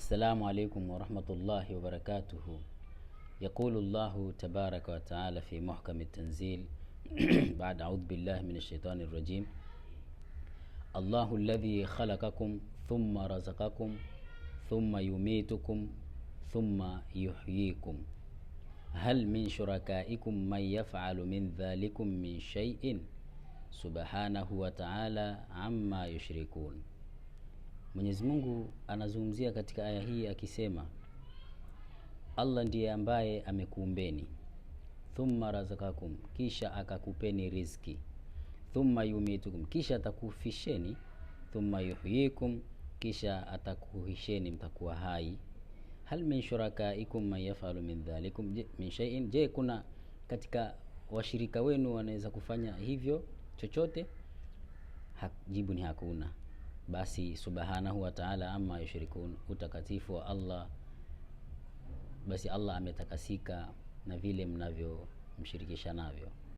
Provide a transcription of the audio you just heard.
السلام عليكم ورحمة الله وبركاته يقول الله تبارك وتعالى في محكم التنزيل بعد أعوذ بالله من الشيطان الرجيم الله الذي خلقكم ثم رزقكم ثم يميتكم ثم يحييكم هل من شركائكم من يفعل من ذلكم من شيء سبحانه وتعالى عما يشركون Mwenyezi Mungu anazungumzia katika aya hii akisema, Allah ndiye ambaye amekuumbeni, thumma razakakum, kisha akakupeni riziki, thumma yumitukum, kisha atakufisheni, thumma yuhyikum, kisha atakuhisheni, mtakuwa hai. Hal min shurakaikum man yafalu min dhalikum min shay'in, je, kuna katika washirika wenu wanaweza kufanya hivyo chochote? jibu ni hakuna. Basi subhanahu wa ta'ala amma yushrikun, utakatifu wa Allah. Basi Allah ametakasika na vile mnavyomshirikisha navyo.